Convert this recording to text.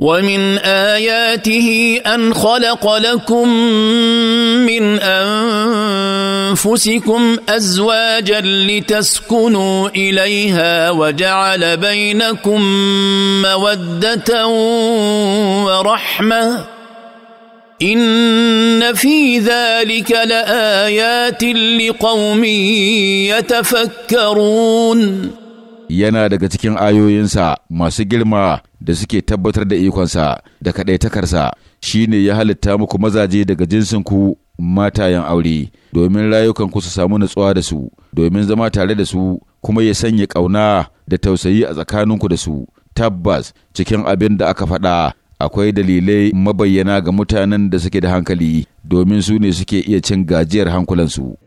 ومن اياته ان خلق لكم من انفسكم ازواجا لتسكنوا اليها وجعل بينكم موده ورحمه ان في ذلك لايات لقوم يتفكرون yana daga cikin ayoyinsa masu girma da suke tabbatar da ikonsa da kaɗaitakarsa shi ne ya halitta muku mazaje daga jinsinku matayen aure domin rayukanku su samu natsuwa da su domin zama tare da su kuma ya sanya ƙauna da tausayi a tsakaninku da su tabbas cikin abin da aka faɗa akwai dalilai mabayyana ga mutanen da suke da hankali domin su ne suke iya cin gajiyar hankulansu.